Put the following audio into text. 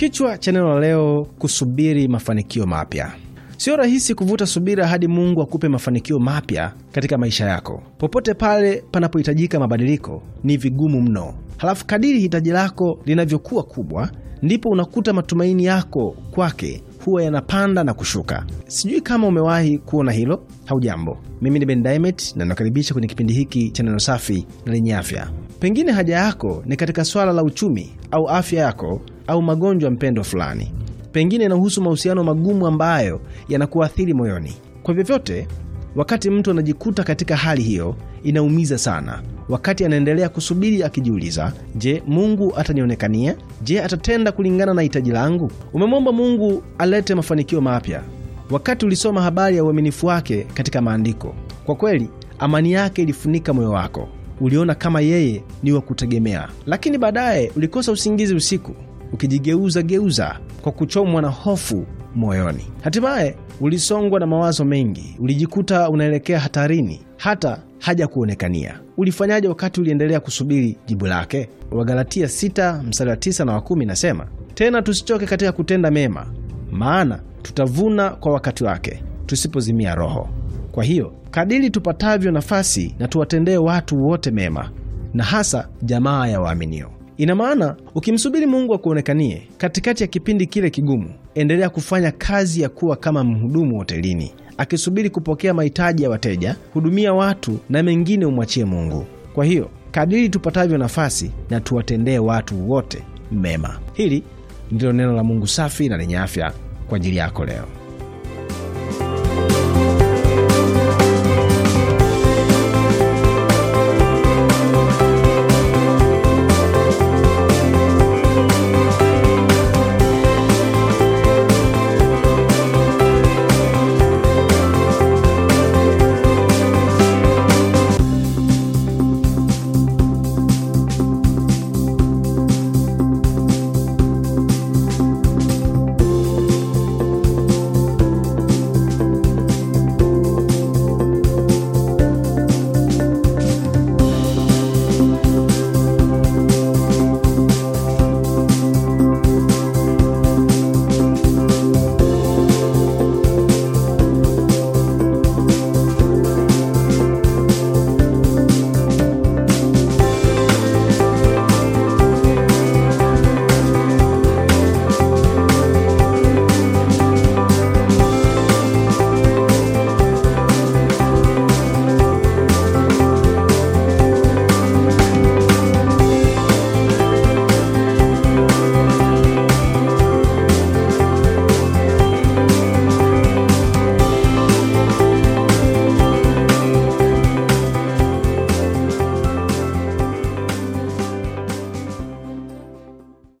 Kichwa cha neno la leo: kusubiri mafanikio mapya. Sio rahisi kuvuta subira hadi Mungu akupe mafanikio mapya katika maisha yako. Popote pale panapohitajika mabadiliko ni vigumu mno. Halafu kadiri hitaji lako linavyokuwa kubwa, ndipo unakuta matumaini yako kwake huwa yanapanda na kushuka. Sijui kama umewahi kuona hilo. Haujambo, mimi ni Ben Diamond na nakaribisha kwenye kipindi hiki cha neno safi na lenye afya. Pengine haja yako ni katika swala la uchumi au afya yako au magonjwa mpendwa fulani, pengine inahusu mahusiano magumu ambayo yanakuathiri moyoni. Kwa vyovyote, wakati mtu anajikuta katika hali hiyo, inaumiza sana. Wakati anaendelea kusubiri akijiuliza, je, Mungu atanionekania? Je, atatenda kulingana na hitaji langu? Umemwomba Mungu alete mafanikio mapya, wakati ulisoma habari ya uaminifu wake katika Maandiko. Kwa kweli, amani yake ilifunika moyo wako, uliona kama yeye ni wa kutegemea, lakini baadaye ulikosa usingizi usiku ukijigeuza geuza kwa kuchomwa na hofu moyoni. Hatimaye ulisongwa na mawazo mengi, ulijikuta unaelekea hatarini hata haja kuonekania. Ulifanyaje wakati uliendelea kusubiri jibu lake? Wagalatia 6 mstari wa 9 na wa 10 inasema, tena tusichoke katika kutenda mema, maana tutavuna kwa wakati wake, tusipozimia roho. Kwa hiyo kadili tupatavyo nafasi, na tuwatendee watu wote mema, na hasa jamaa ya waaminio. Ina maana ukimsubiri Mungu akuonekanie katikati ya kipindi kile kigumu, endelea kufanya kazi ya kuwa kama mhudumu hotelini, akisubiri kupokea mahitaji ya wateja. Hudumia watu na mengine umwachie Mungu. Kwa hiyo kadiri tupatavyo nafasi, na tuwatendee watu wote mema. Hili ndilo neno la Mungu safi na lenye afya kwa ajili yako leo.